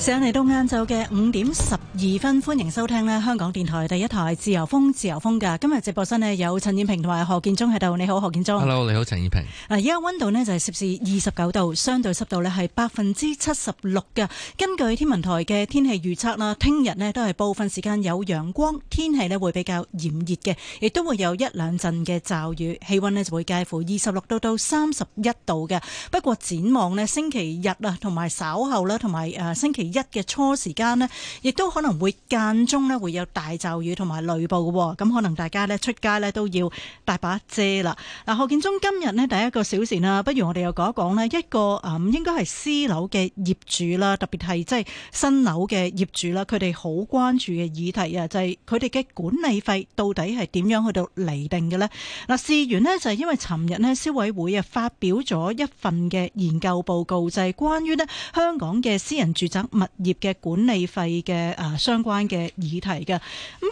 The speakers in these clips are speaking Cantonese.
時間嚟到晏晝嘅五點十二分，歡迎收聽呢香港電台第一台自由風，自由風嘅今日直播室呢有陳燕平同埋何建忠喺度。你好，何建忠。Hello，你好，陳燕平。嗱，而家溫度呢，就係攝氏二十九度，相對濕度呢係百分之七十六嘅。根據天文台嘅天氣預測啦，聽日呢都係部分時間有陽光，天氣呢會比較炎熱嘅，亦都會有一兩陣嘅驟雨，氣溫呢就會介乎二十六度到三十一度嘅。不過展望呢，星期日啊，同埋稍後啦，同埋誒星期。一嘅初時間呢，亦都可能會間中呢會有大驟雨同埋雷暴嘅，咁可能大家呢出街呢都要帶把遮啦。嗱，何建忠今日呢第一個小節啦，不如我哋又講一講呢一個啊、嗯，應該係私樓嘅業主啦，特別係即係新樓嘅業主啦，佢哋好關注嘅議題啊，就係佢哋嘅管理費到底係點樣去到釐定嘅呢？嗱，事源呢就係因為尋日呢消委會啊發表咗一份嘅研究報告，就係、是、關於呢香港嘅私人住宅。物業嘅管理費嘅、啊、相關嘅議題㗎，咁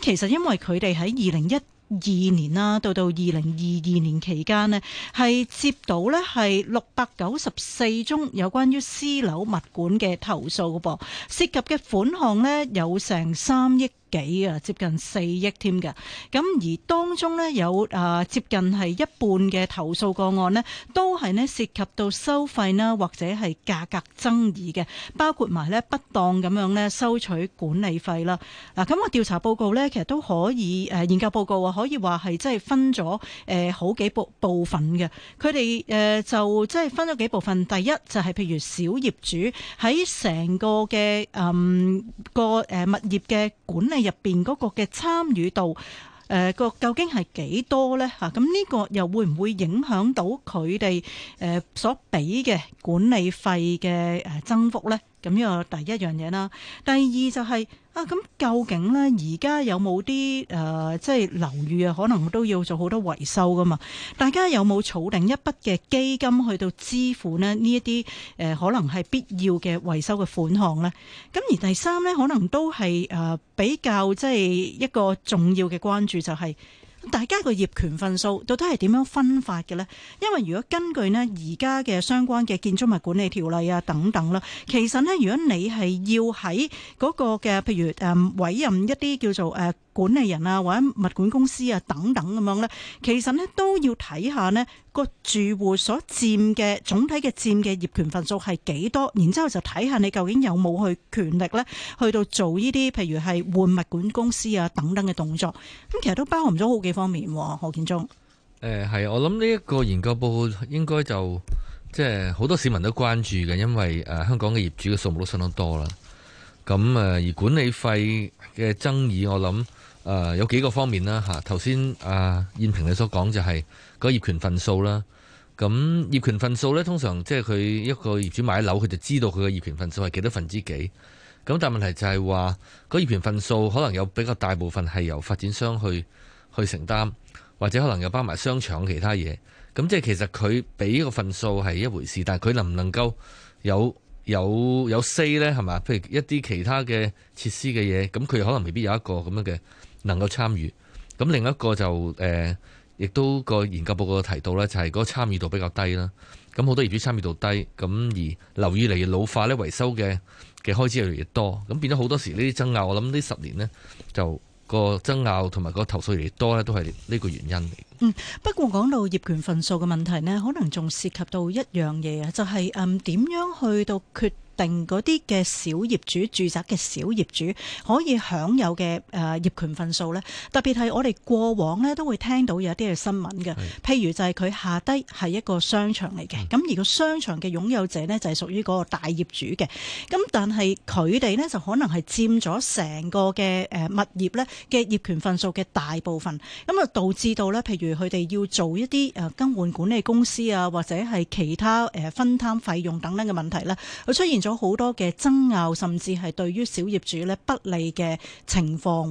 其實因為佢哋喺二零一二年啦，到到二零二二年期間呢，係接到呢係六百九十四宗有關於私樓物管嘅投訴噶噃，涉及嘅款項呢有成三億。幾啊？接近四億添嘅。咁而當中咧有誒接近係一半嘅投訴個案咧，都係咧涉及到收費啦，或者係價格爭議嘅，包括埋咧不當咁樣咧收取管理費啦。嗱，咁個調查報告咧，其實都可以誒研究報告啊，可以話係即係分咗誒好幾部部分嘅。佢哋誒就即係分咗幾部分。第一就係譬如小業主喺成個嘅誒個誒物業嘅管理。入邊嗰個嘅參與度，誒、呃，個究竟係幾多咧？吓、啊，咁呢個又會唔會影響到佢哋誒所俾嘅管理費嘅誒增幅咧？咁呢個第一樣嘢啦，第二就係、是。啊，咁究竟咧，而家有冇啲誒，即係樓宇啊，可能都要做好多維修㗎嘛？大家有冇儲定一筆嘅基金去到支付咧呢一啲誒，可能係必要嘅維修嘅款項咧？咁而第三咧，可能都係誒、呃、比較即係一個重要嘅關注，就係、是。大家個業權份數到底係點樣分法嘅呢？因為如果根據呢而家嘅相關嘅建築物管理條例啊等等啦，其實呢，如果你係要喺嗰個嘅譬如誒、呃、委任一啲叫做誒。呃管理人啊，或者物管公司啊，等等咁樣咧，其實咧都要睇下咧個住戶所佔嘅總體嘅佔嘅業權份數係幾多，然之後就睇下你究竟有冇去權力咧，去到做呢啲，譬如係換物管公司啊等等嘅動作。咁其實都包含咗好幾方面。何建忠，誒係，我諗呢一個研究報告應該就即係好多市民都關注嘅，因為誒、呃、香港嘅業主嘅數目都相當多啦。咁誒、呃、而管理費嘅爭議，我諗。誒、呃、有幾個方面啦嚇，頭先阿燕平你所講就係個業權份數啦。咁業權份數呢，通常即係佢一個業主買樓，佢就知道佢嘅業權份數係幾多分之幾。咁但係問題就係話，個業權份數可能有比較大部分係由發展商去去承擔，或者可能有包埋商場其他嘢。咁即係其實佢俾個份數係一回事，但係佢能唔能夠有有有 say 係嘛？譬如一啲其他嘅設施嘅嘢，咁佢可能未必有一個咁樣嘅。能夠參與，咁另一個就誒，亦、呃、都個研究報告提到呢就係、是、嗰個參與度比較低啦。咁好多業主參與度低，咁而樓越嚟越老化呢，維修嘅嘅開支越嚟越多，咁變咗好多時呢啲爭拗，我諗呢十年呢，就個爭拗同埋個投訴越嚟越多呢，都係呢個原因嚟、嗯。不過講到業權份數嘅問題呢，可能仲涉及到一樣嘢啊，就係誒點樣去到決。定嗰啲嘅小業主住宅嘅小業主可以享有嘅誒、呃、業權份數咧，特別係我哋過往咧都會聽到有啲嘅新聞嘅，譬如就係佢下低係一個商場嚟嘅，咁、嗯、而個商場嘅擁有者咧就係屬於嗰個大業主嘅，咁但係佢哋咧就可能係佔咗成個嘅誒物業咧嘅業權份數嘅大部分，咁啊導致到咧譬如佢哋要做一啲誒更換管理公司啊，或者係其他誒分攤費用等等嘅問題咧，佢出現咗好多嘅爭拗，甚至係對於小業主咧不利嘅情況。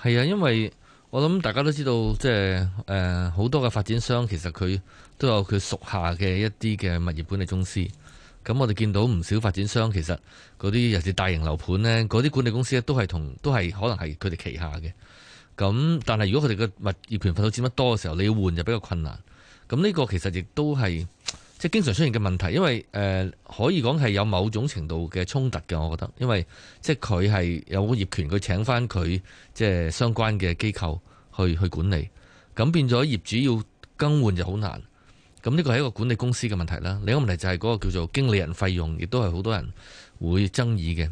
係啊，因為我諗大家都知道，即係誒，好多嘅發展商其實佢都有佢屬下嘅一啲嘅物業管理公司。咁我哋見到唔少發展商，其實嗰啲尤其是大型樓盤呢，嗰啲管理公司都係同都係可能係佢哋旗下嘅。咁但係如果佢哋嘅物業權份數佔得多嘅時候，你要換就比較困難。咁呢個其實亦都係。即係經常出現嘅問題，因為誒、呃、可以講係有某種程度嘅衝突嘅，我覺得，因為即係佢係有業權，佢請翻佢即係相關嘅機構去去管理，咁變咗業主要更換就好難。咁呢個係一個管理公司嘅問題啦。另一個問題就係嗰個叫做經理人費用，亦都係好多人會爭議嘅，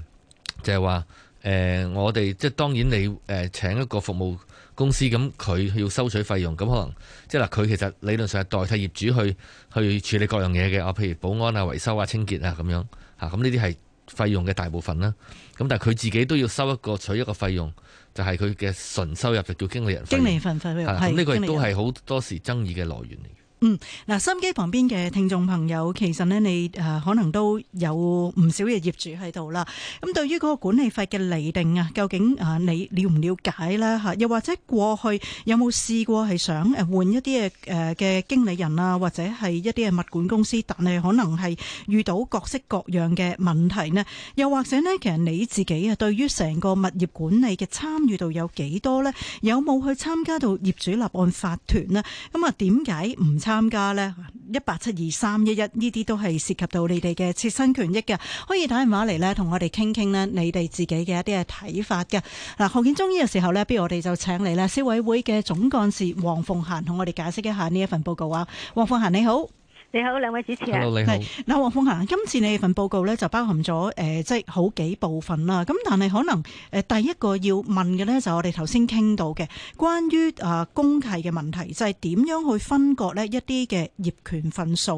就係話誒我哋即係當然你誒、呃、請一個服務。公司咁佢要收取費用，咁可能即係嗱，佢其實理論上係代替業主去去處理各樣嘢嘅，啊，譬如保安啊、維修啊、清潔啊咁樣嚇，咁呢啲係費用嘅大部分啦。咁但係佢自己都要收一個取一個費用，就係佢嘅純收入就叫經理人費，經理份費。呢個亦都係好多時爭議嘅來源嚟。嗯，嗱，收音機旁邊嘅聽眾朋友，其實咧你誒可能都有唔少嘅業主喺度啦。咁對於嗰個管理費嘅厘定啊，究竟啊你了唔了解咧？吓，又或者過去有冇試過係想誒換一啲嘅誒嘅經理人啊，或者係一啲嘅物管公司，但係可能係遇到各式各樣嘅問題咧？又或者咧，其實你自己啊，對於成個物業管理嘅參與度有幾多咧？有冇去參加到業主立案法團咧？咁啊，點解唔參加呢，一八七二三一一呢啲都係涉及到你哋嘅切身權益嘅，可以打電話嚟呢，同我哋傾傾呢你哋自己嘅一啲嘅睇法嘅。嗱，學健中醫嘅時候呢，不如我哋就請嚟咧消委會嘅總幹事黃鳳嫻同我哋解釋一下呢一份報告啊。黃鳳嫻，你好。你好，兩位主持啊！係，嗱，黃鳳嫻，今次你份報告咧就包含咗誒、呃，即係好幾部分啦。咁但係可能誒，第一個要問嘅咧就係我哋頭先傾到嘅，關於啊、呃、公契嘅問題，就係、是、點樣去分割咧一啲嘅業權份數。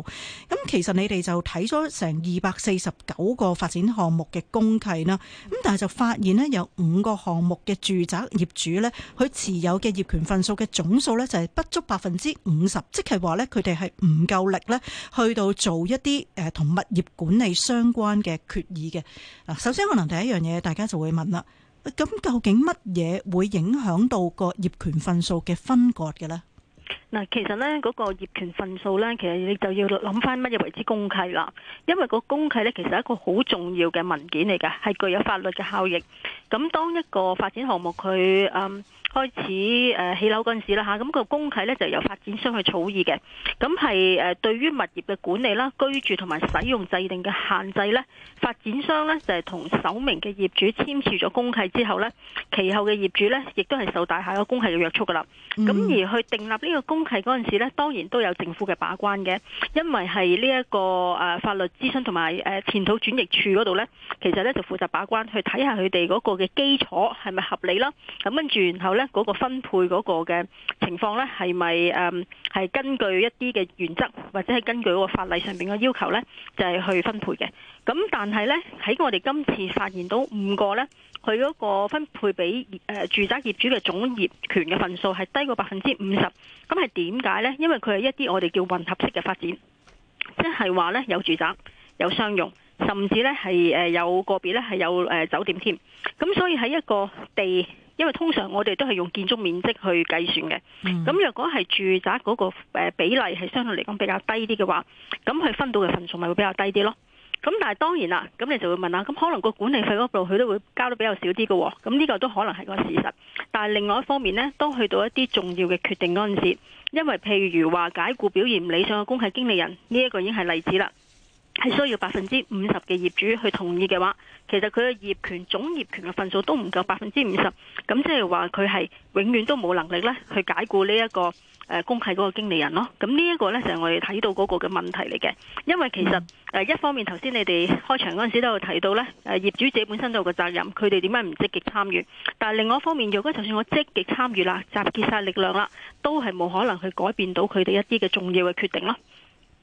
咁、嗯、其實你哋就睇咗成二百四十九個發展項目嘅公契啦。咁但係就發現咧有五個項目嘅住宅業主咧，佢持有嘅業權份數嘅總數咧就係不足百分之五十，即係話咧佢哋係唔夠力咧。去到做一啲誒同物業管理相關嘅決議嘅。嗱，首先可能第一樣嘢，大家就會問啦，咁究竟乜嘢會影響到個業權份數嘅分割嘅咧？嗱，其實咧嗰個業權份數咧，其實你就要諗翻乜嘢為之公契啦。因為個公契咧，其實一個好重要嘅文件嚟嘅，係具有法律嘅效益，咁當一個發展項目佢嗯開始、呃、起樓陣時啦吓，咁、個公契咧就由發展商去草擬嘅。咁係誒對於物業嘅管理啦、居住同埋使用制定嘅限制咧，發展商咧就係同首名嘅業主簽署咗公契之後咧，其後嘅業主咧亦都係受大廈個公契嘅約束㗎啦。咁而去定立呢個公係嗰陣時咧，當然都有政府嘅把關嘅，因為係呢一個誒法律諮詢同埋誒填土轉譯處田土轉易處嗰度呢，其實呢就負責把關，去睇下佢哋嗰個嘅基礎係咪合理啦。咁跟住，然後呢，嗰個分配嗰個嘅情況呢，係咪誒係根據一啲嘅原則，或者係根據嗰個法例上面嘅要求呢，就係去分配嘅。咁但係呢，喺我哋今次發現到五個呢。佢嗰個分配俾誒住宅業主嘅總業權嘅份數係低過百分之五十，咁係點解呢？因為佢係一啲我哋叫混合式嘅發展，即係話呢有住宅、有商用，甚至呢係誒有個別呢係有誒酒店添。咁所以喺一個地，因為通常我哋都係用建築面積去計算嘅。咁若果係住宅嗰個比例係相對嚟講比較低啲嘅話，咁佢分到嘅份數咪會比較低啲咯。咁但係當然啦，咁你就會問啦，咁可能個管理費嗰度佢都會交得比較少啲嘅喎，咁呢個都可能係個事實。但係另外一方面呢，當去到一啲重要嘅決定嗰陣時，因為譬如話解僱表現唔理想嘅公契經理人，呢一個已經係例子啦。係需要百分之五十嘅業主去同意嘅話，其實佢嘅業權總業權嘅份數都唔夠百分之五十，咁即係話佢係永遠都冇能力咧去解僱呢一個誒公契嗰個經理人咯。咁呢一個咧就係我哋睇到嗰個嘅問題嚟嘅。因為其實誒一方面頭先你哋開場嗰陣時都有提到咧，誒業主自己本身都有個責任，佢哋點解唔積極參與？但係另外一方面，如果就算我積極參與啦，集結晒力量啦，都係冇可能去改變到佢哋一啲嘅重要嘅決定咯。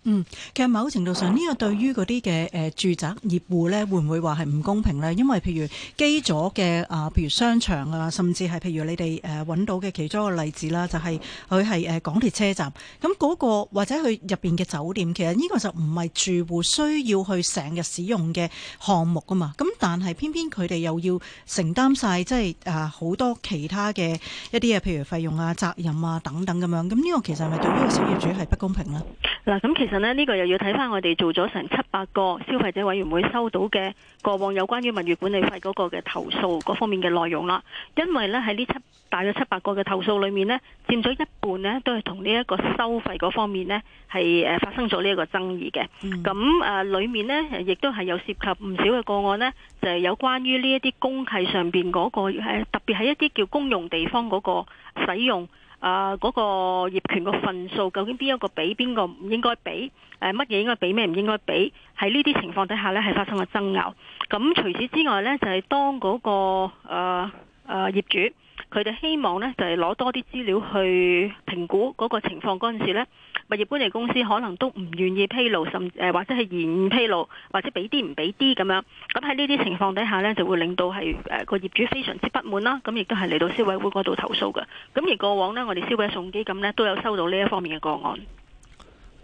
嗯，其實某程度上呢個對於嗰啲嘅住宅業戶咧，會唔會話係唔公平咧？因為譬如基座嘅啊，譬如商場啊，甚至係譬如你哋誒揾到嘅其中一個例子啦，就係佢係港鐵車站咁嗰個，或者佢入面嘅酒店，其實呢個就唔係住戶需要去成日使用嘅項目噶嘛。咁但係偏偏佢哋又要承擔晒，即係啊好多其他嘅一啲嘅，譬如費用啊、責任啊等等咁樣。咁呢個其實係咪對於個小業主係不公平咧？嗱，咁其實呢，呢、呢個又要睇返我哋做咗成七百個消費者委員會收到嘅過往有關於物業管理費嗰個嘅投訴嗰方面嘅內容啦。因為呢，喺呢七大約七百個嘅投訴裏面呢，佔咗一半呢，都係同呢一個收費嗰方面呢，係誒發生咗呢一個爭議嘅。咁誒、啊，裏面呢，亦都係有涉及唔少嘅個案呢，就係、係、有關於呢一啲公契上面嗰、嗰個特別係一啲叫公用地方嗰個使用。啊！嗰個業權個份數究竟邊一個俾邊個唔應該俾？誒乜嘢應該俾咩唔應該俾？喺呢啲情況底下呢，係發生咗爭拗。咁除此之外呢，就係當嗰個誒誒業主佢哋希望呢，就係攞多啲資料去評估嗰個情況嗰陣時呢。物業管理公司可能都唔願意披露，甚至或者係延誤披露，或者俾啲唔俾啲咁樣。咁喺呢啲情況底下呢，就會令到係誒個業主非常之不滿啦。咁、啊、亦都係嚟到消委會嗰度投訴嘅。咁而過往呢，我哋消委送基金呢，都有收到呢一方面嘅個案。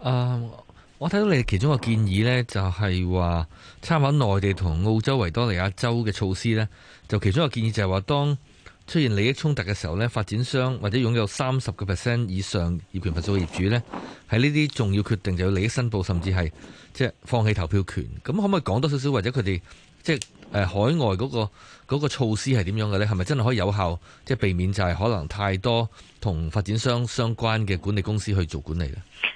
啊、呃，我睇到你哋其中個建議呢，就係話參考內地同澳洲維多利亞州嘅措施呢，就其中一個建議就係話當出現利益衝突嘅時候咧，發展商或者擁有三十個 percent 以上業權份數嘅業主咧，喺呢啲重要決定就要利益申報，甚至係即係放棄投票權。咁可唔可以講多少少，或者佢哋即係，即係誒海外嗰個嗰個措施係點樣嘅咧？係咪真係可以有效即係避免就係可能太多同發展商相關嘅管理公司去做管理嘅？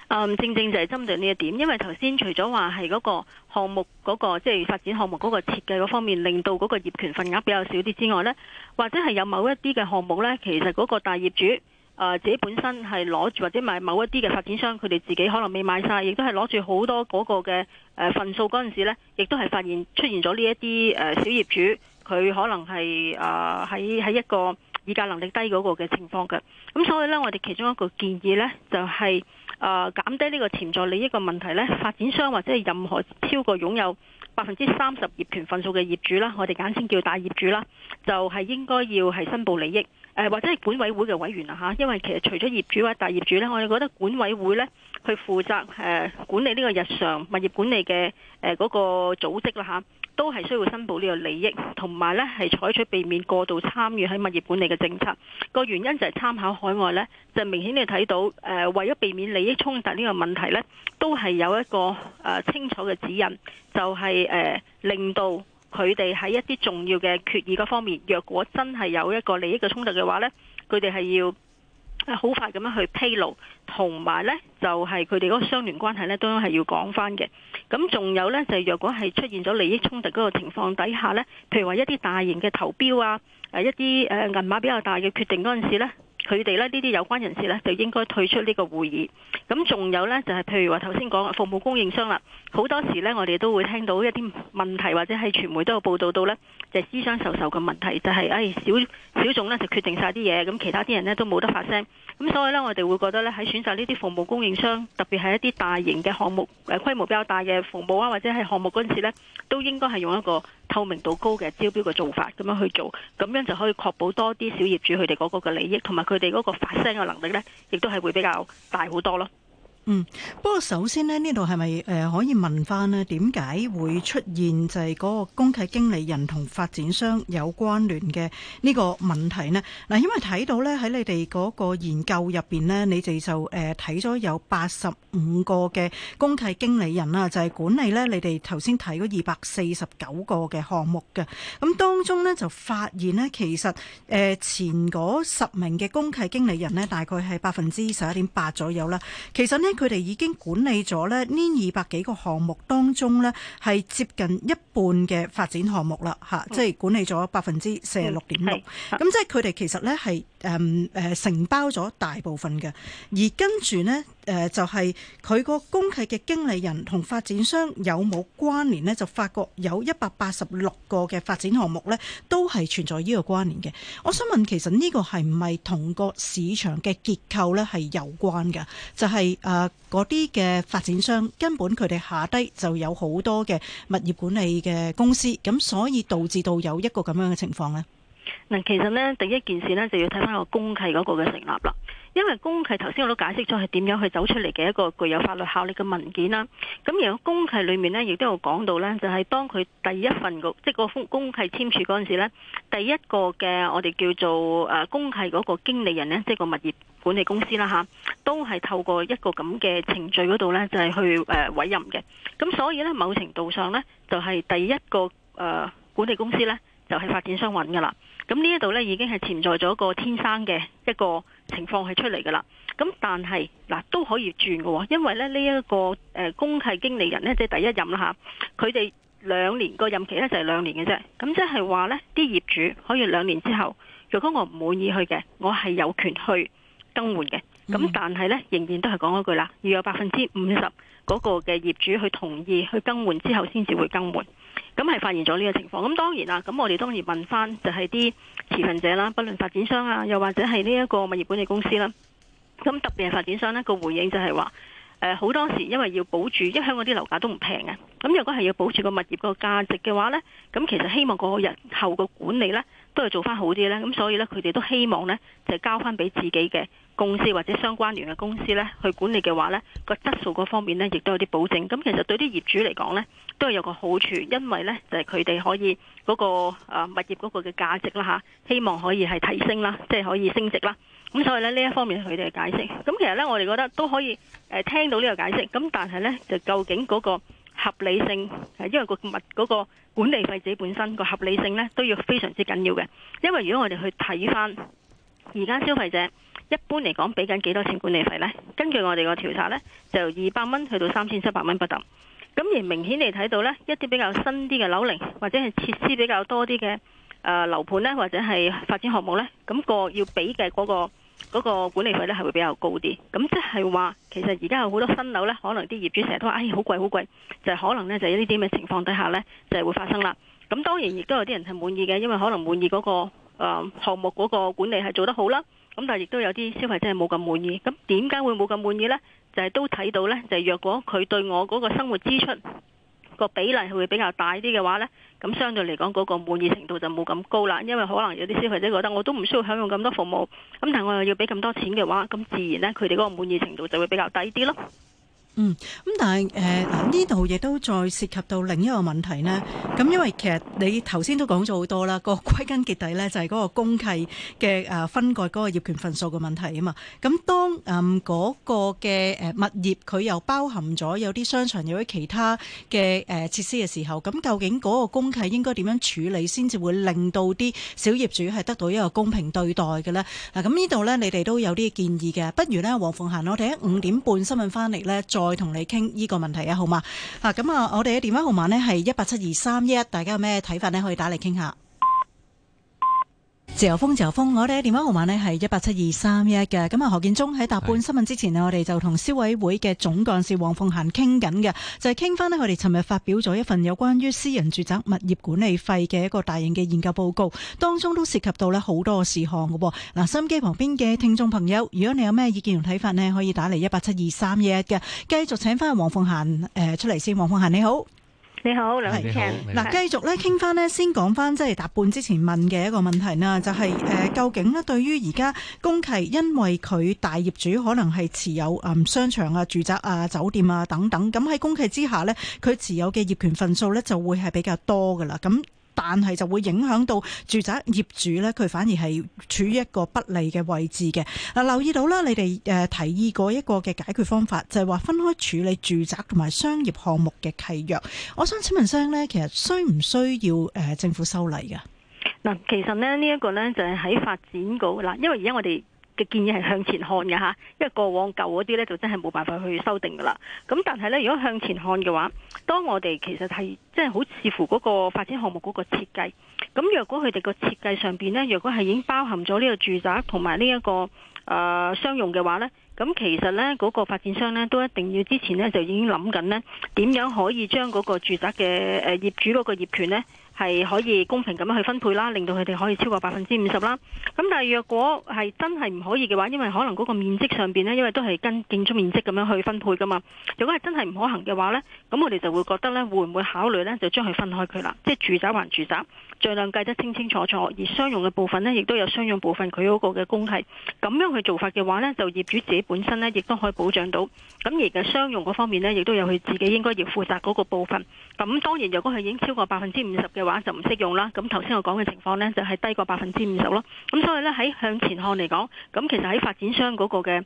誒正正就係針對呢一點，因為頭先除咗話係嗰個項目嗰個即係發展項目嗰個設計嗰方面，令到嗰個業權份額比較少啲之外咧，或者係有某一啲嘅項目咧，其實嗰個大業主。誒自己本身係攞住或者買某一啲嘅發展商，佢哋自己可能未買晒，亦都係攞住好多嗰個嘅份數嗰陣時呢，亦都係發現出現咗呢一啲小業主，佢可能係誒喺喺一個議價能力低嗰個嘅情況嘅。咁所以呢，我哋其中一個建議呢，就係誒減低呢個潛在利益嘅問題呢，發展商或者係任何超過擁有百分之三十業權份數嘅業主啦，我哋簡稱叫大業主啦，就係應該要係申報利益。誒或者係管委會嘅委員啦嚇，因為其實除咗業主或者大業主呢，我哋覺得管委會呢，去負責誒管理呢個日常物業管理嘅誒嗰個組織啦嚇，都係需要申報呢個利益，同埋呢係採取避免過度參與喺物業管理嘅政策。個原因就係參考海外呢，就明顯你睇到誒為咗避免利益衝突呢個問題呢，都係有一個誒清楚嘅指引，就係、是、誒、呃、令到。佢哋喺一啲重要嘅決議嗰方面，若果真係有一個利益嘅衝突嘅話咧，佢哋係要好快咁樣去披露，同埋咧就係佢哋嗰個商聯關係咧都係要講翻嘅。咁仲有咧就係若果係出現咗利益衝突嗰個情況底下咧，譬如話一啲大型嘅投標啊，誒一啲誒銀碼比較大嘅決定嗰陣時咧。佢哋呢呢啲有關人士呢，就應該退出呢個會議。咁仲有呢，就係譬如話頭先講服務供應商啦，好多時呢，我哋都會聽到一啲問題，或者係傳媒都有報道到呢，就係私相授受嘅問題，就係、是、誒少少眾呢就決定晒啲嘢，咁其他啲人呢都冇得發聲。咁所以呢，我哋會覺得呢，喺選擇呢啲服務供應商，特別係一啲大型嘅項目誒規模比較大嘅服務啊，或者係項目嗰陣時呢，都應該係用一個，透明度高嘅招標嘅做法咁樣去做，咁樣就可以確保多啲小業主佢哋嗰個嘅利益，同埋佢哋嗰個發聲嘅能力咧，亦都係會比較大好多咯。嗯，不過首先呢，呢度係咪可以問翻呢？點解會出現就係嗰個公契經理人同發展商有關聯嘅呢個問題呢？嗱，因為睇到呢，喺你哋嗰個研究入邊呢，你哋就睇咗、呃、有八十五個嘅公契經理人啦，就係、是、管理呢。你哋頭先睇嗰二百四十九個嘅項目嘅。咁當中呢，就發現呢，其實、呃、前嗰十名嘅公契經理人呢，大概係百分之十一點八左右啦。其實呢。佢哋已經管理咗咧呢二百幾個項目當中呢係接近一半嘅發展項目啦，嚇！即係管理咗百分之四十六點六，咁即係佢哋其實呢係。誒、嗯呃、承包咗大部分嘅，而跟住呢，誒、呃、就係佢個公契嘅經理人同發展商有冇關聯呢？就發覺有一百八十六個嘅發展項目呢，都係存在呢個關聯嘅。我想問，其實呢個係唔係同個市場嘅結構呢係有關㗎？就係誒嗰啲嘅發展商根本佢哋下低就有好多嘅物業管理嘅公司，咁所以導致到有一個咁樣嘅情況呢。嗱，其實呢，第一件事呢，就要睇翻個公契嗰個嘅成立啦。因為公契頭先我都解釋咗係點樣去走出嚟嘅一個具有法律效力嘅文件啦。咁而家公契裏面呢，亦都有講到呢，就係當佢第一份個即係個公契簽署嗰陣時呢，第一個嘅我哋叫做誒公契嗰個經理人呢，即係個物業管理公司啦嚇，都係透過一個咁嘅程序嗰度呢，就係去委任嘅。咁所以呢，某程度上呢，就係第一個誒管理公司呢，就係發展商揾㗎啦。咁呢一度呢，已經係潛在咗個天生嘅一個情況係出嚟㗎啦。咁但係嗱都可以轉嘅喎，因為咧呢一、這個誒、呃、公契經理人呢，即係第一任啦嚇，佢哋兩年個任期呢，就係、是、兩年嘅啫。咁即係話呢啲業主可以兩年之後，如果我唔滿意去嘅，我係有權去更換嘅。咁但係呢，仍然都係講嗰句啦，要有百分之五十嗰個嘅業主去同意去更換之後，先至會更換。咁係發現咗呢個情況，咁當然啦，咁我哋當然問翻就係啲持份者啦，不論發展商啊，又或者係呢一個物業管理公司啦。咁特別係發展商呢，個回應就係話，誒、呃、好多時因為要保住，因為香港啲樓價都唔平嘅，咁如果係要保住個物業個價值嘅話呢，咁其實希望個日後個管理呢。都係做翻好啲呢。咁所以呢，佢哋都希望呢，就係、交翻俾自己嘅公司或者相關聯嘅公司呢去管理嘅話呢，個質素嗰方面呢，亦都有啲保證。咁其實對啲業主嚟講呢，都係有個好處，因為呢，就係佢哋可以嗰、嗰個物業嗰個嘅價值啦吓，希望可以係提升啦，即、就、係、係、可以升值啦。咁所以呢，呢一方面係佢哋嘅解釋，咁其實呢，我哋覺得都可以聽到呢個解釋，咁但係呢，就究竟嗰個合理性，因為個物嗰個。管理費自己本身個合理性呢都要非常之緊要嘅。因為如果我哋去睇返而家消費者一般嚟講俾緊幾多錢管理費呢？根據我哋個調查呢，就二百蚊去到三千七百蚊不等。咁而明顯地睇到呢，一啲比較新啲嘅樓齡或者係設施比較多啲嘅誒樓盤呢，或者係發展項目呢，咁個要俾嘅嗰個。嗰、個管理費咧係會比較高啲，咁即係話其實而家有好多新樓呢，可能啲業主成日都話：哎，好貴好貴，就可能呢就係呢啲咁嘅情況底下呢，就係會發生啦。咁當然亦都有啲人係滿意嘅，因為可能滿意嗰、個誒項目嗰個管理係做得好啦。咁但係亦都有啲消費者係冇咁滿意。咁點解會冇咁滿意呢？就係都睇到呢，就係若果佢對我嗰個生活支出個比例係會比較大啲嘅話呢。咁相對嚟講，嗰個滿意程度就冇咁高啦，因為可能有啲消費者覺得我都唔需要享用咁多服務，咁但係我又要俾咁多錢嘅話，咁自然呢，佢哋嗰個滿意程度就會比較低啲咯。嗯，咁但係誒，呢度亦都再涉及到另一個問題咧。咁因為其實你頭先都講咗好多啦，個歸根結底咧就係嗰個公契嘅誒分割嗰個業權份數嘅問題啊嘛。咁當誒嗰、嗯個嘅誒物業佢又包含咗有啲商場有啲其他嘅誒設施嘅時候，咁究竟嗰個公契應該點樣處理先至會令到啲小業主係得到一個公平對待嘅咧？嗱，咁呢度咧你哋都有啲建議嘅，不如咧黃鳳嫻，我哋喺五點半新聞翻嚟咧再。再同你傾呢個問題啊，好嘛？啊，咁啊，我哋嘅電話號碼呢係一八七二三一一，17231，大家有咩睇法呢，可以打嚟傾下。自由風，自由風，我哋嘅電話號碼呢係一八七二三一一嘅。咁啊，何建中喺答半新聞之前呢，我哋就同消委會嘅總幹事黃鳳嫻傾緊嘅，就係傾翻呢。佢哋尋日發表咗一份有關於私人住宅物業管理費嘅一個大型嘅研究報告，當中都涉及到呢好多事項喎。嗱，收音機旁邊嘅聽眾朋友，如果你有咩意見同睇法呢，可以打嚟一八七二三一一嘅。繼續請翻黃鳳嫻誒出嚟先，黃鳳嫻你好。你好，梁慧卿。嗱，繼續咧傾翻呢，先講翻即係答半之前問嘅一個問題啦，就係、誒、究竟呢，對於而家公契，因為佢大業主可能係持有商場啊、住宅啊、酒店啊等等，咁喺公契之下呢，佢持有嘅業權份數呢，就會係比較多噶啦，咁。但係就會影響到住宅業主咧，佢反而係處於一個不利嘅位置嘅。嗱，留意到啦，你哋誒提議過一個嘅解決方法，就係話分開處理住宅同埋商業項目嘅契約。我想請問聲咧，其實需唔需要誒政府修例㗎？嗱，其實咧呢一個咧就係喺發展局嗱，因為而家我哋。嘅建議係向前看嘅吓，因為過往舊嗰啲呢，就真係冇辦法去修訂㗎啦。咁但係呢，如果向前看嘅話，當我哋其實係即係好視乎嗰個發展項目嗰個設計。咁若果佢哋個設計上面呢，若果係已經包含咗呢個住宅同埋呢一個誒、呃、商用嘅話呢，咁其實呢，嗰、那個發展商呢都一定要之前呢，就已經諗緊呢點樣可以將嗰個住宅嘅誒、呃、業主嗰個業權呢。係可以公平咁去分配啦，令到佢哋可以超過百分之五十啦。咁但係若果係真係唔可以嘅話，因為可能嗰個面積上面呢，因為都係跟建築面積咁樣去分配噶嘛。如果係真係唔可行嘅話呢，咁我哋就會覺得呢，會唔會考慮呢？就將佢分開佢啦，即係住宅還住宅，儘量計得清清楚楚。而商用嘅部分呢，亦都有商用部分佢嗰個嘅公契。咁樣去做法嘅話呢，就業主自己本身呢，亦都可以保障到。咁而家商用嗰方面呢，亦都有佢自己應該要負責嗰個部分。咁當然，如果係已經超過百分之五十嘅，話就唔適用啦，咁頭先我講嘅情況咧，就係低過百分之五十咯。咁所以咧，喺向前看嚟講，咁其實喺發展商嗰個嘅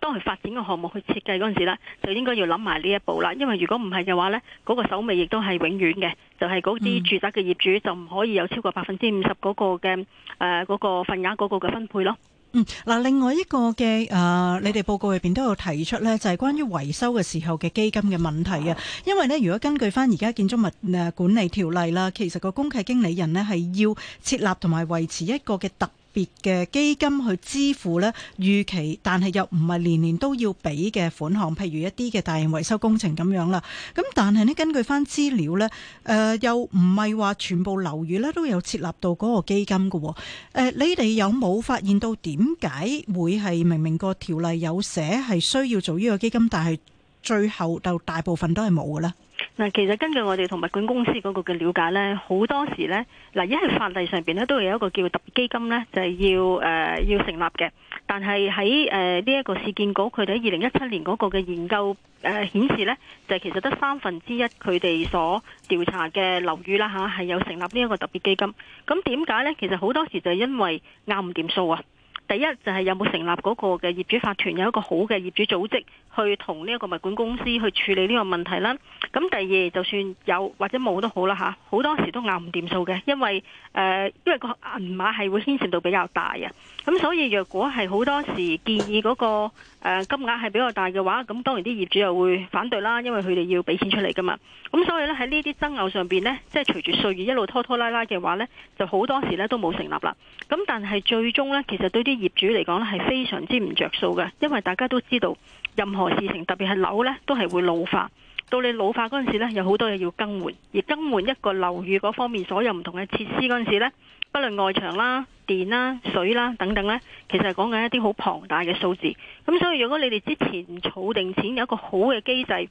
當佢發展嘅項目去設計嗰陣時咧，就應該要諗埋呢一步啦。因為如果唔係嘅話咧，嗰個手尾亦都係永遠嘅，就係嗰啲住宅嘅業主就唔可以有超過百分之五十嗰個嘅誒嗰個份額嗰個嘅分配咯。嗯，嗱，另外一個嘅誒、呃，你哋報告入邊都有提出咧，就係，是，關於維修嘅時候嘅基金嘅問題啊。因為咧，如果根據翻而家建築物誒管理條例啦，其實個公契經理人咧係要設立同埋維持一個嘅特別嘅基金去支付咧預期，但係又唔係年年都要俾嘅款項，譬如一啲嘅大型維修工程咁樣啦。咁但係咧，根據翻資料呢，誒、呃、又唔係話全部樓宇咧都有設立到嗰個基金㗎。誒、呃，你哋有冇發現到點解會係明明個條例有寫係需要做呢個基金，但係最後就大部分都係冇嘅咧？嗱，其實根據我哋同物管公司嗰個嘅了解呢，好多時呢，嗱，一係法例上邊呢都有一個叫特別基金呢就係、是、要誒、呃、要成立嘅。但係喺誒呢一個事件嗰，佢哋喺二零一七年嗰個嘅研究誒、呃、顯示呢，就其實得三分之一佢哋所調查嘅樓宇啦嚇係有成立呢一個特別基金。咁點解呢？其實好多時就係因為啱唔掂數啊！第一就係、是、有冇成立嗰個嘅業主法團，有一個好嘅業主組織去同呢一個物管公司去處理呢個問題啦。咁第二就算有或者冇都好啦嚇，好多時都咬唔掂數嘅，因為誒、呃，因為個銀碼係會牽涉到比較大啊。咁所以若果係好多時建議嗰個誒金額係比較大嘅話，咁當然啲業主又會反對啦，因為佢哋要俾錢出嚟噶嘛。咁所以呢，喺呢啲爭拗上邊呢，即係隨住歲月一路拖拖拉拉嘅話呢，就好多時呢都冇成立啦。咁但係最終呢，其實對啲業主嚟講呢，係非常之唔着數嘅，因為大家都知道任何事情特別係樓呢，都係會老化。到你老化嗰陣時呢，有好多嘢要更換，而更換一個樓宇嗰方面所有唔同嘅設施嗰陣時呢，不論外牆啦、電啦、水啦等等呢，其實係講緊一啲好龐大嘅數字。咁所以如果你哋之前儲定錢，有一個好嘅機制，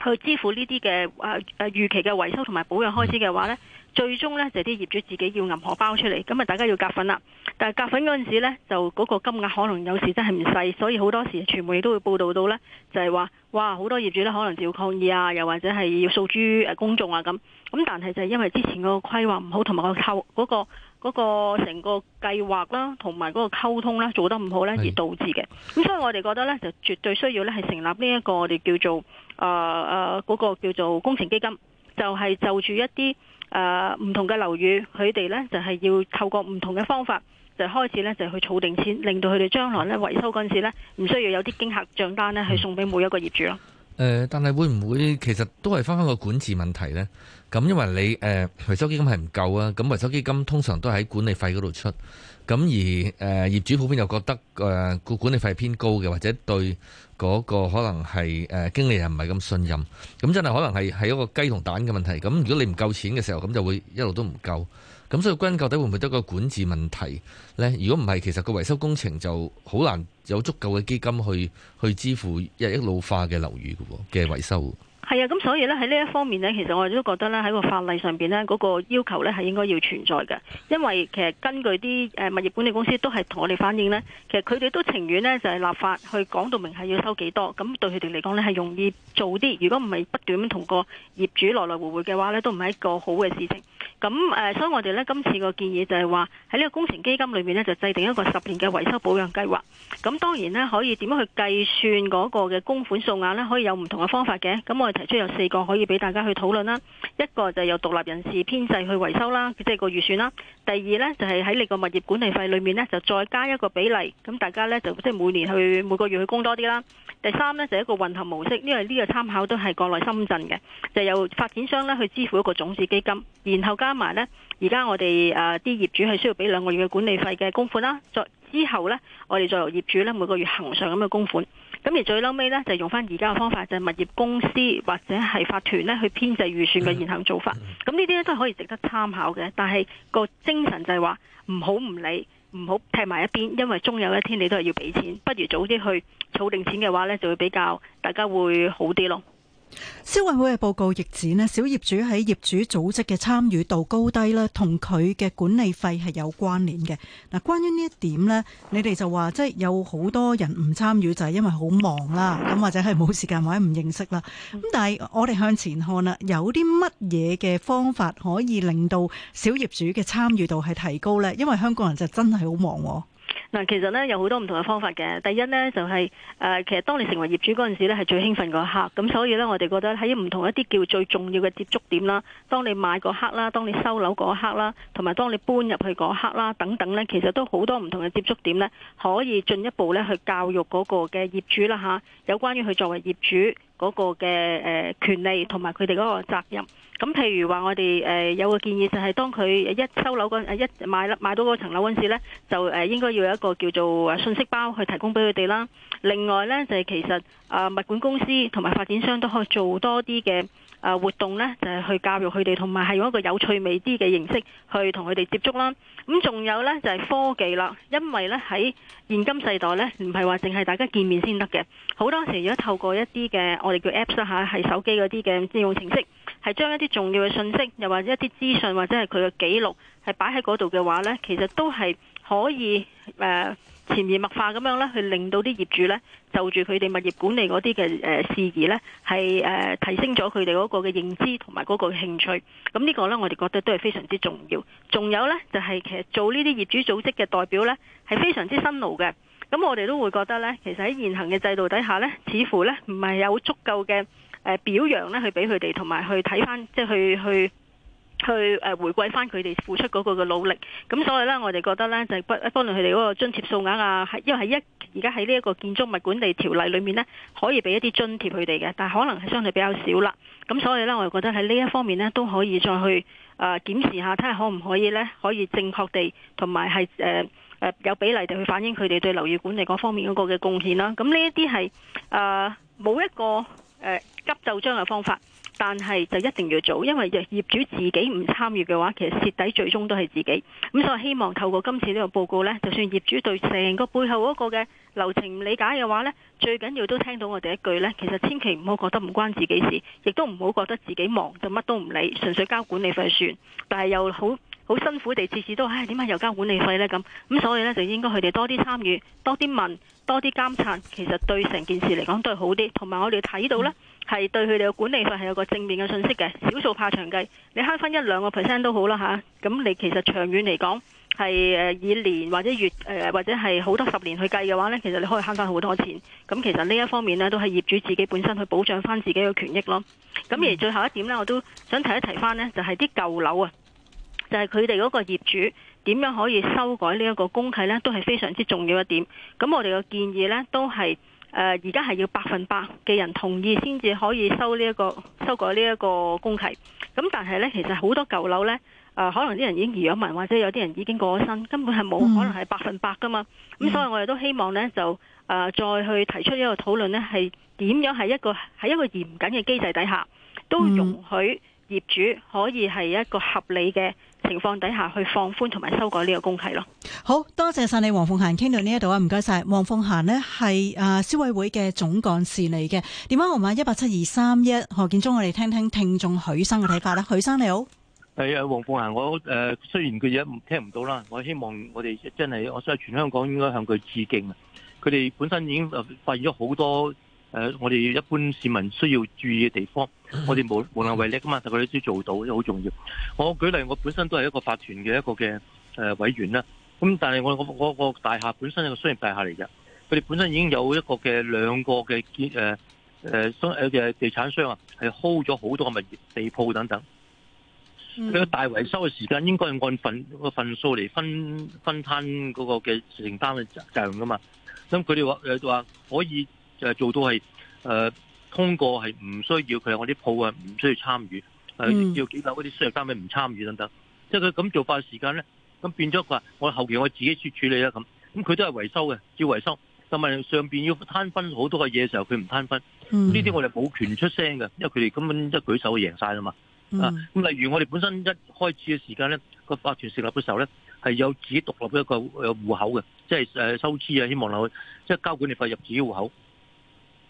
去支付呢啲嘅誒預期嘅維修同埋保養開支嘅話呢，最終呢，就啲、是、業主自己要銀荷包出嚟，咁啊大家要夾份啦。但係夾份嗰陣時呢，就嗰個金額可能有時真係唔細，所以好多時傳媒都會報道到呢，就係、是、話哇好多業主呢，可能要抗議啊，又或者係要訴諸公眾啊咁。咁但係就係因為之前個規劃唔好、那個，同、那、埋個溝嗰、那個成個計劃啦、啊，同埋嗰個溝通啦、啊、做得唔好呢，而導致嘅。咁所以我哋覺得呢，就絕對需要呢，係成立呢、這、一個我哋叫做。誒誒，嗰個叫做工程基金，就係就住一啲誒唔同嘅樓宇，佢哋咧就係要透過唔同嘅方法，就開始咧就去儲定錢，令到佢哋將來咧維修嗰陣時咧，唔需要有啲驚嚇賬單咧去送俾每一個業主咯。誒，但係會唔會其實都係翻翻個管治問題咧？咁因為你誒維修基金係唔夠啊，咁維修基金通常都係喺管理費嗰度出。咁而誒、呃、業主普遍又覺得誒個、呃、管理費偏高嘅，或者對嗰個可能係誒、呃、經理人唔係咁信任，咁真係可能係係一個雞同蛋嘅問題。咁如果你唔夠錢嘅時候，咁就會一路都唔夠。咁所以歸根到底會唔會得個管治問題呢？如果唔係，其實個維修工程就好難有足夠嘅基金去去支付日益老化嘅樓宇嘅嘅維修。係啊，咁所以咧，喺呢一方面呢，其實我都覺得呢，喺個法例上邊呢，嗰個要求呢，係應該要存在嘅，因為其實根據啲誒物業管理公司都係同我哋反映呢，其實佢哋都情願呢，就係立法去講到明係要收幾多，咁對佢哋嚟講呢，係容易做啲，如果唔係不斷咁同個業主來來回回嘅話呢，都唔係一個好嘅事情。咁誒，所以我哋呢今次個建議就係話喺呢個工程基金裏面呢，就制定一個十年嘅維修保養計劃。咁當然呢，可以點樣去計算嗰個嘅供款數額呢？可以有唔同嘅方法嘅。咁我哋提出有四個可以俾大家去討論啦。一個就由獨立人士編製去維修啦，即係個預算啦。第二呢，就係喺你個物業管理費裏面呢，就再加一個比例，咁大家呢，就即係每年去每個月去供多啲啦。第三呢，就係一個混合模式，因為呢個參考都係國內深圳嘅，就由發展商呢去支付一個總資基金，然後加。加埋呢，而家我哋誒啲業主係需要俾兩個月嘅管理費嘅供款啦，再之後呢，我哋再由業主呢每個月行上咁嘅供款。咁而最撈尾呢，就用翻而家嘅方法，就係物業公司或者係法團呢去編制預算嘅現行做法。咁呢啲呢都可以值得參考嘅，但係個精神就係話唔好唔理，唔好踢埋一邊，因為終有一天你都係要俾錢，不如早啲去儲定錢嘅話呢，就會比較大家會好啲咯。消委會嘅報告亦指咧，小業主喺業主組織嘅參與度高低咧，同佢嘅管理費係有關聯嘅。嗱，關於呢一點咧，你哋就話即係有好多人唔參與，就係因為好忙啦，咁或者係冇時間或者唔認識啦。咁但係我哋向前看啦，有啲乜嘢嘅方法可以令到小業主嘅參與度係提高呢？因為香港人就真係好忙。嗱，其實咧有好多唔同嘅方法嘅。第一呢，就係、是、誒，其實當你成為業主嗰陣時咧，係最興奮嗰一刻。咁所以呢，我哋覺得喺唔同一啲叫最重要嘅接觸點啦，當你買嗰刻啦，當你收樓嗰刻啦，同埋當你搬入去嗰刻啦，等等呢，其實都好多唔同嘅接觸點呢，可以進一步咧去教育嗰個嘅業主啦嚇，有關於佢作為業主嗰個嘅誒權利同埋佢哋嗰個責任。咁，譬如話，我哋誒有個建議就係，當佢一收樓嗰一買啦買到嗰層樓嗰陣時咧，就誒應該要有一個叫做信息包去提供俾佢哋啦。另外咧，就係其實啊，物管公司同埋發展商都可以做多啲嘅啊活動咧，就係去教育佢哋，同埋係用一個有趣味啲嘅形式去同佢哋接觸啦。咁仲有咧就係科技啦，因為咧喺現今世代咧唔係話淨係大家見面先得嘅，好多時如果透過一啲嘅我哋叫 Apps 啦吓，係手機嗰啲嘅應用程式。係將一啲重要嘅信息，又或者一啲資訊，或者係佢嘅記錄，係擺喺嗰度嘅話呢，其實都係可以誒、呃、潛移默化咁樣呢，去令到啲業主呢就住佢哋物業管理嗰啲嘅事宜呢，係誒、呃、提升咗佢哋嗰個嘅認知同埋嗰個興趣。咁呢個呢，我哋覺得都係非常之重要。仲有呢，就係、是、其實做呢啲業主組織嘅代表呢，係非常之辛勞嘅。咁我哋都會覺得呢，其實喺現行嘅制度底下呢，似乎呢唔係有足夠嘅。誒表揚呢，去俾佢哋，同埋去睇翻，即係去去去誒回饋翻佢哋付出嗰個嘅努力。咁所以呢，我哋覺得呢，就不論佢哋嗰個津貼數額啊，係因為係一而家喺呢一個建築物管理條例裏面呢，可以俾一啲津貼佢哋嘅，但係可能係相對比較少啦。咁所以呢，我覺得喺呢一方面呢，都可以再去啊檢視下，睇下可唔可以呢，可以正確地同埋係誒有比例地去反映佢哋對樓宇管理嗰方面嗰個嘅貢獻啦。咁呢一啲係冇一個。急就章嘅方法，但係就一定要做，因為業主自己唔參與嘅話，其實蝕底最終都係自己。咁所以希望透過今次呢個報告呢，就算業主對成個背後嗰個嘅流程唔理解嘅話呢，最緊要都聽到我哋一句呢，其實千祈唔好覺得唔關自己事，亦都唔好覺得自己忙就乜都唔理，純粹交管理費算，但係又好。好辛苦地次次都唉，點、哎、解又交管理費呢？咁咁？所以呢，就應該佢哋多啲參與，多啲問，多啲監察，其實對成件事嚟講都係好啲。同埋我哋睇到呢係對佢哋嘅管理費係有個正面嘅信息嘅。少數怕長計，你慳翻一兩個 percent 都好啦吓，咁、啊、你其實長遠嚟講係以年或者月或者係好多十年去計嘅話呢，其實你可以慳翻好多錢。咁其實呢一方面呢，都係業主自己本身去保障翻自己嘅權益咯。咁而最後一點呢，我都想提一提翻呢，就係啲舊樓啊。就係佢哋嗰個業主點樣可以修改呢一個公契呢？都係非常之重要一點。咁我哋嘅建議呢，都係誒而家係要百分百嘅人同意先至可以修呢一個修改呢一個公契。咁但係呢，其實好多舊樓呢，誒、呃、可能啲人已經移咗民，或者有啲人已經過咗身，根本係冇可能係百分百㗎嘛。咁所以我哋都希望呢，就誒、呃、再去提出一個討論呢，係點樣係一個喺一個嚴謹嘅機制底下，都容許業主可以係一個合理嘅情況底下去放寬同埋修改呢個公契咯，好多謝晒你黃鳳嫻，傾到呢一度啊，唔該晒。黃鳳嫻呢係啊消委會嘅總幹事嚟嘅，電話號碼一八七二三一何建忠，我哋聽聽，聽聽聽眾許生嘅睇法啦。許生你好，係啊黃鳳嫻，我誒、呃、雖然佢而家聽唔到啦，我希望我哋真係我想係全香港應該向佢致敬啊，佢哋本身已經發現咗好多誒、呃、我哋一般市民需要注意嘅地方。 我哋冇冇能為力噶嘛，但佢哋都做到，即好重要。我舉例，我本身都係一個法團嘅一個嘅委員啦。咁但係我我個個大廈本身係個商業大廈嚟嘅，佢哋本身已經有一個嘅兩個嘅建誒商地產商啊，係 hold 咗好多嘅物業地鋪等等。佢個大維修嘅時間應該係按份個份數嚟分分攤嗰個嘅承擔嘅責任噶嘛。咁佢哋話誒話可以做到係誒。呃通過係唔需要佢，我啲鋪啊唔需要參與，係、嗯、要幾樓嗰啲商業單位唔參與等等，即係佢咁做法嘅時間咧，咁變咗佢話我後期我自己去處理啦咁，咁佢都係維修嘅，要維修同埋上邊要攤分好多嘅嘢嘅時候，佢唔攤分，呢、嗯、啲我哋冇權出聲嘅，因為佢哋根本一舉手就贏晒啦嘛、嗯。啊，咁例如我哋本身一開始嘅時間咧，個法團成立嘅時候咧，係有自己獨立一個嘅戶口嘅，即係誒收支啊，希望落去即係交管理費入自己戶口。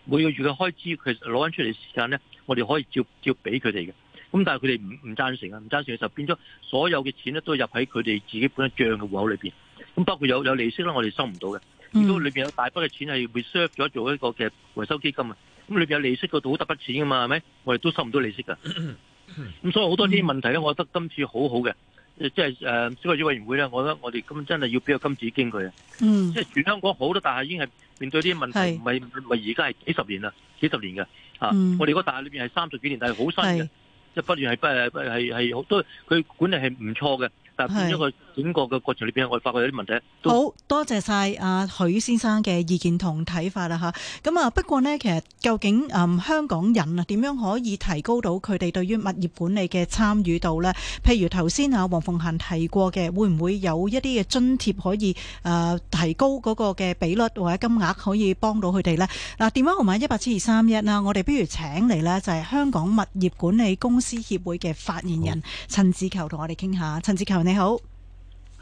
每個月嘅開支，佢攞翻出嚟時間咧，我哋可以照照俾佢哋嘅。咁但係佢哋唔唔贊成啊，唔贊成嘅時候變咗所有嘅錢咧都入喺佢哋自己本身帳嘅戶口裏邊。咁包括有有利息咧，我哋收唔到嘅。如果裏邊有大筆嘅錢係 reserve 咗做一個嘅維修基金啊，咁裏邊有利息個好大筆錢啊嘛，係咪？我哋都收唔到利息噶。咁所以好多啲問題咧，我覺得今次好好嘅。即係誒，消費者委員會咧，我覺得我哋咁真係要俾個金字經佢啊！即係全香港好多大廈已經係面對啲問題，唔係唔係而家係幾十年啦，幾十年嘅吓、嗯啊，我哋嗰大廈裏邊係三十幾年，但係好新嘅，即係不斷係誒係係好多，佢管理係唔錯嘅。但係整個嘅過程，你變我發覺有啲問題。好多謝晒阿許先生嘅意見同睇法啦嚇咁啊不過呢，其實究竟嗯香港人啊點樣可以提高到佢哋對於物業管理嘅參與度呢？譬如頭先啊黃鳳嫻提過嘅，會唔會有一啲嘅津貼可以誒、呃、提高嗰個嘅比率或者金額，可以幫到佢哋呢？嗱電話號碼一八七二三一啦，17231, 我哋不如請嚟呢，就係香港物業管理公司協會嘅發言人陳志球同我哋傾下。陳志球談談。你好。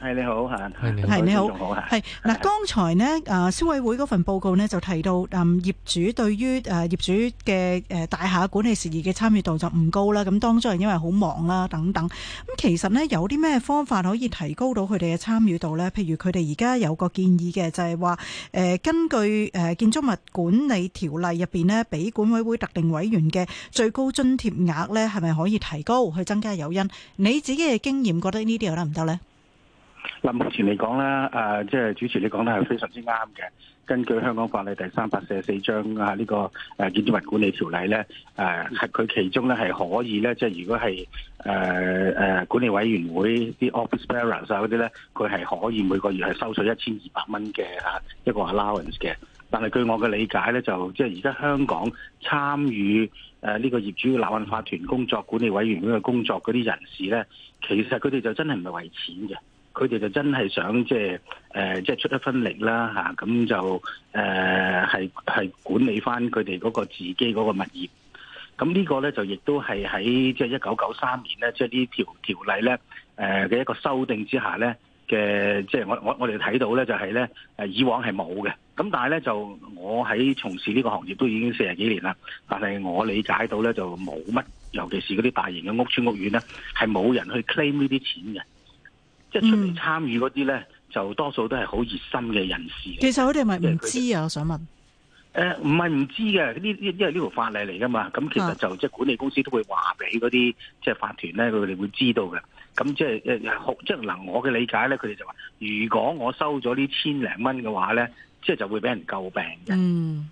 係、 嗯、你好，係、嗯嗯嗯、你好，係、嗯、你、嗯、好，係嗱。剛、嗯、才呢，誒、呃，消委會嗰份報告呢就提到，誒、嗯、 業主對於誒業主嘅誒大廈管理事宜嘅參與度就唔高啦。咁當中係因為好忙啦，等等。咁其實呢，有啲咩方法可以提高到佢哋嘅參與度呢？譬如佢哋而家有個建議嘅就係、是、話，誒、呃，根據誒建築物管理條例入邊呢，俾管委會特定委員嘅最高津貼額呢，係咪可以提高去增加誘因？你自己嘅經驗覺得呢啲又得唔得呢？嗱，目前嚟講咧，誒，即係主持你講得係非常之啱嘅。根據香港法例第三百四十四章啊，呢個誒建築物管理條例咧，誒，係佢其中咧係可以咧，即係如果係誒誒管理委員會啲 office bearers 啊嗰啲咧，佢係可以每個月係收取一千二百蚊嘅，啊一個 allowance 嘅。但係據我嘅理解咧，就即係而家香港參與誒呢個業主立案法團工作管理委員會嘅工作嗰啲人士咧，其實佢哋就真係唔係為錢嘅。佢哋就真係想即係誒，即係出一分力啦，吓，咁就誒係係管理翻佢哋嗰個自己嗰個物業。咁呢個咧就亦都係喺即係一九九三年咧，即係呢條條例咧誒嘅一個修訂之下咧嘅，即係我我我哋睇到咧就係咧誒以往係冇嘅。咁但係咧就我喺從事呢個行業都已經四十幾年啦，但係我理解到咧就冇乜，尤其是嗰啲大型嘅屋村屋苑咧，係冇人去 claim 呢啲錢嘅。即、就、係、是、出面參與嗰啲咧，就多數都係好熱心嘅人士。其實佢哋係咪唔知啊？我想問。誒、呃，唔係唔知嘅，呢因為呢條法例嚟噶嘛。咁其實就即係管理公司都會話俾嗰啲即係法團咧，佢哋會知道嘅。咁即係誒誒，即係能我嘅理解咧，佢哋就話：如果我收咗呢千零蚊嘅話咧，即係就會俾人詬病嘅。嗯。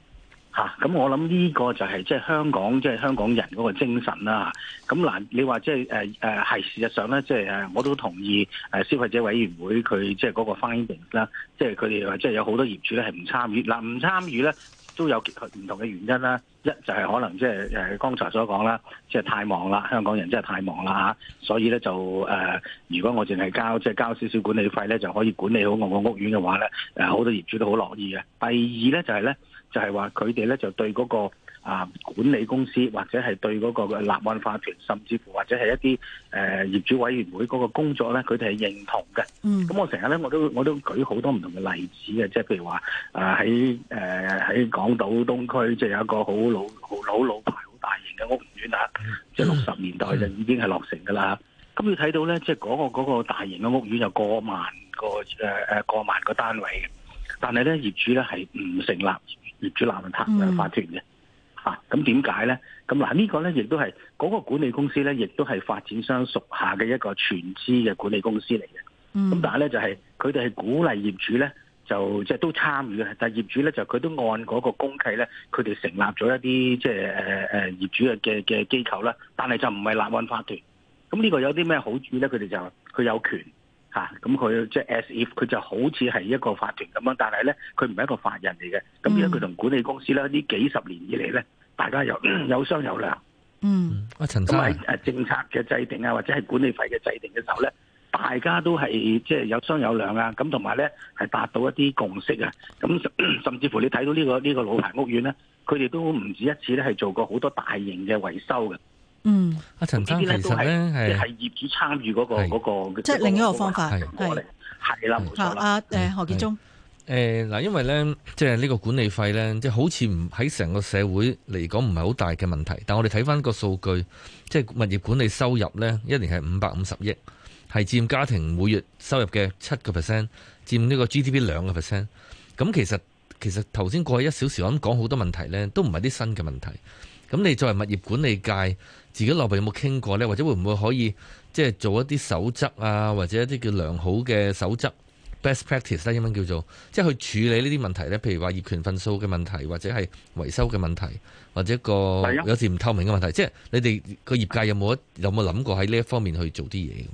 咁、啊、我諗呢個就係即係香港，即、就、係、是、香港人嗰個精神啦、啊。咁嗱，你話即係誒誒，係、呃、事實上咧，即係誒，我都同意誒消費者委員會佢即係嗰個 findings 啦、啊，即係佢哋話即係有好多業主咧係唔參與，嗱唔參與咧都有唔同嘅原因啦。一就係、是、可能即係誒剛才所講啦，即、就、係、是、太忙啦，香港人真係太忙啦吓，所以咧就誒、呃，如果我淨係交即係、就是、交少少管理費咧，就可以管理好我個屋苑嘅話咧，誒、啊、好多業主都好樂意嘅。第二咧就係、是、咧。就係話佢哋咧就對嗰個啊管理公司或者係對嗰個嘅立案法團，甚至乎或者係一啲誒、呃、業主委員會嗰個工作咧，佢哋係認同嘅。咁、嗯、我成日咧我都我都舉好多唔同嘅例子嘅，即係譬如話啊喺誒喺港島東區即係、有一個好老好老牌好大，大型嘅屋苑啦，即係六十年代就已經係落成噶啦。咁你睇到咧，即係嗰個大型嘅屋苑就過萬個誒誒、呃、過萬個單位嘅，但係咧業主咧係唔成立。業主立案法團嘅，吓，咁點解咧？咁嗱呢個咧，亦都係嗰，那個管理公司咧，亦都係發展商屬下嘅一個全資嘅管理公司嚟嘅。咁、嗯、但係咧就係佢哋係鼓勵業主咧，就即係都參與嘅。但係業主咧就佢都按嗰個公契咧，佢哋成立咗一啲即係誒誒業主嘅嘅機構啦。但係就唔係立案法團。咁呢個有啲咩好處咧？佢哋就佢有權。咁佢即係 as if 佢就好似係一個法團咁樣，但係咧佢唔係一個法人嚟嘅。咁而家佢同管理公司咧呢幾十年以嚟咧，大家有、嗯、有商有量。嗯，阿陳生，政策嘅制定啊，或者係管理費嘅制定嘅時候咧，大家都係即係有商有量啊！咁同埋咧係達到一啲共識啊！咁甚至乎你睇到呢個呢個老牌屋苑咧，佢哋都唔止一次咧係做過好多大型嘅維修嘅。嗯，阿陳生其實咧係係業主參與嗰個個，即係另一個方法係係啦，冇錯啦。阿誒、啊、何建忠。誒嗱、呃，因為咧，即係呢個管理費咧，即係好似唔喺成個社會嚟講唔係好大嘅問題。但我哋睇翻個數據，即係物業管理收入咧，一年係五百五十億，係佔家庭每月收入嘅七個 percent，佔呢個 GDP 兩個 percent。咁其實其實頭先過去一小時我諗講好多問題咧，都唔係啲新嘅問題。咁你作為物業管理界，自己內部有冇傾過咧？或者會唔會可以即係做一啲守則啊，或者一啲叫良好嘅守則 （best practice） 咧？英文叫做即係去處理呢啲問題咧。譬如話業權份數嘅問題，或者係維修嘅問題，或者個有時唔透明嘅問題。即係你哋個業界有冇有冇諗過喺呢一方面去做啲嘢？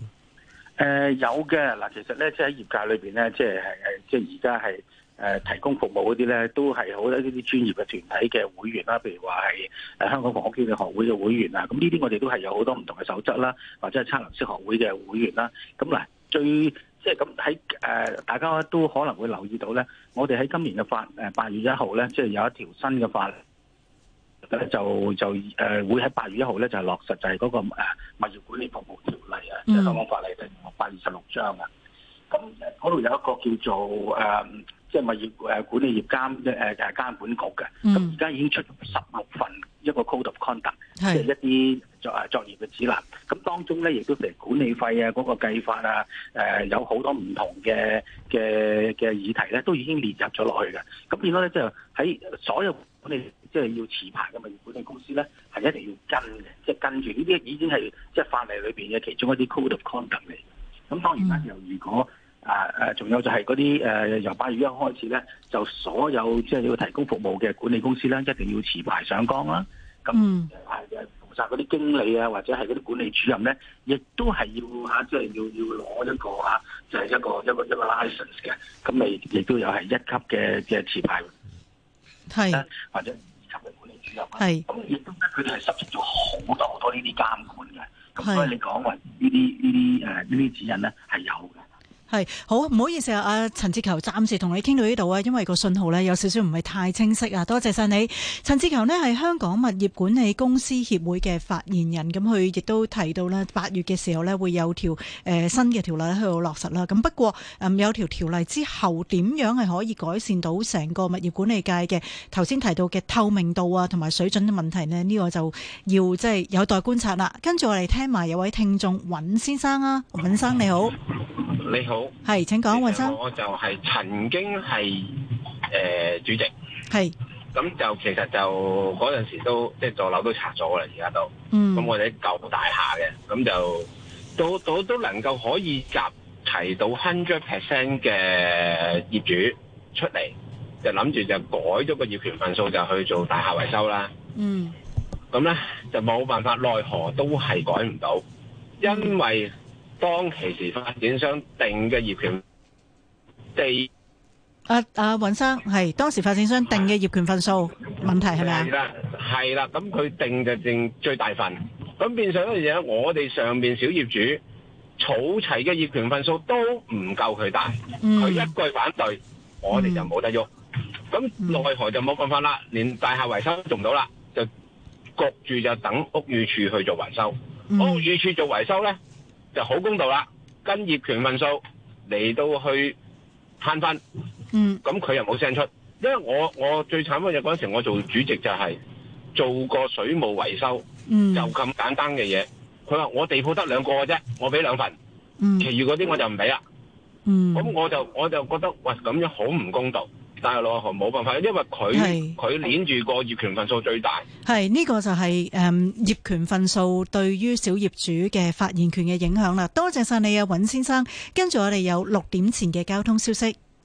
誒有嘅，嗱，其實咧即係喺業界裏邊咧，即係誒即係而家係。誒提供服務嗰啲咧，都係好一啲專業嘅團體嘅會員啦，譬如話係香港房屋經理學會嘅會員啊，咁呢啲我哋都係有好多唔同嘅守則啦，或者係測量師學會嘅會員啦。咁嗱，最即係咁喺誒，大家都可能會留意到咧，我哋喺今年嘅八誒八月一號咧，即係有一條新嘅法咧，就就誒會喺八月一號咧就係落實，就係嗰個物業管理服務條例啊，即係香港法例第六百二十六章啊。咁嗰度有一個叫做誒。即係物業誒管理業監誒誒監管局嘅？咁而家已經出十六份一個 code of conduct，即係一啲作誒作業嘅指南。咁當中咧，亦都譬如管理費啊、嗰、那個計法啊、誒有好多唔同嘅嘅嘅議題咧，都已經列入咗落去嘅。咁變咗咧，就喺、是、所有管理，即、就、係、是、要持牌嘅物業管理公司咧，係一定要跟嘅，即、就、係、是、跟住呢啲已經係即係法例裏邊嘅其中一啲 code of conduct 嚟嘅。咁當然啦，又如果。啊誒，仲有就係嗰啲誒，由八月一號開始咧，就所有即係要提供服務嘅管理公司咧，一定要持牌上崗啦、嗯。咁係誒，負責嗰啲經理啊，或者係嗰啲管理主任咧，亦都係要吓，即係要要攞一個吓，就係一個一個一個 license 嘅。咁咪亦都有係一級嘅嘅持牌，係或者二級嘅管理主任。係咁亦都咧，佢哋係實施咗好多好多呢啲監管嘅。咁所以你講話，呢啲呢啲誒呢啲指引咧係有嘅。好唔好意思啊，阿陳志球暫時同你傾到呢度啊，因為個信號呢，有少少唔係太清晰啊。多謝晒你。陳志球呢，係香港物業管理公司協會嘅發言人，咁佢亦都提到呢，八月嘅時候呢，會有條誒、呃、新嘅條例喺度落實啦。咁不過、嗯、有條條例之後點樣係可以改善到成個物業管理界嘅頭先提到嘅透明度啊同埋水準嘅問題呢？呢、這個就要即係、就是、有待觀察啦。跟住我嚟聽埋有位聽眾尹先生啊，尹生你好，你好。係，請講，黃生，我就係曾經係誒主席，係，咁就其實就嗰陣時都即係座樓都拆咗啦，而家都，嗯，咁我哋舊大廈嘅，咁就都都都能夠可以集齊到 hundred percent 嘅業主出嚟，就諗住就改咗個業權份數就去做大廈維修啦，嗯，咁咧就冇辦法，奈何都係改唔到，因為，當其時發展商定嘅業權地，誒阿尹生係當時發展商定嘅業權份數、啊啊、問題係咪啊？係啦，係啦，咁佢定就定最大份，咁變相一樣嘢，我哋上面小業主儲齊嘅業權份數都唔夠佢大，佢、嗯、一句反對，我哋就冇得喐，咁奈何就冇辦法啦，連大廈維修都做唔到啦，就焗住就等屋宇署去做維修、嗯，屋宇署做維修咧。就好公道啦，跟業權份數嚟到去攤分，嗯，咁佢又冇聲出，因為我我最慘嘅陣就嗰時我做主席就係做個水務維修，嗯，就咁簡單嘅嘢，佢話我地舖得兩個嘅啫，我俾兩份，嗯，其餘嗰啲我就唔俾啦，嗯，咁我就我就覺得，喂，咁樣好唔公道。但係羅浩冇辦法，因為佢佢攆住個業權份數最大。係呢、這個就係、是、誒、嗯、業權份數對於小業主嘅發言權嘅影響啦。多謝晒你啊，尹先生。跟住我哋有六點前嘅交通消息。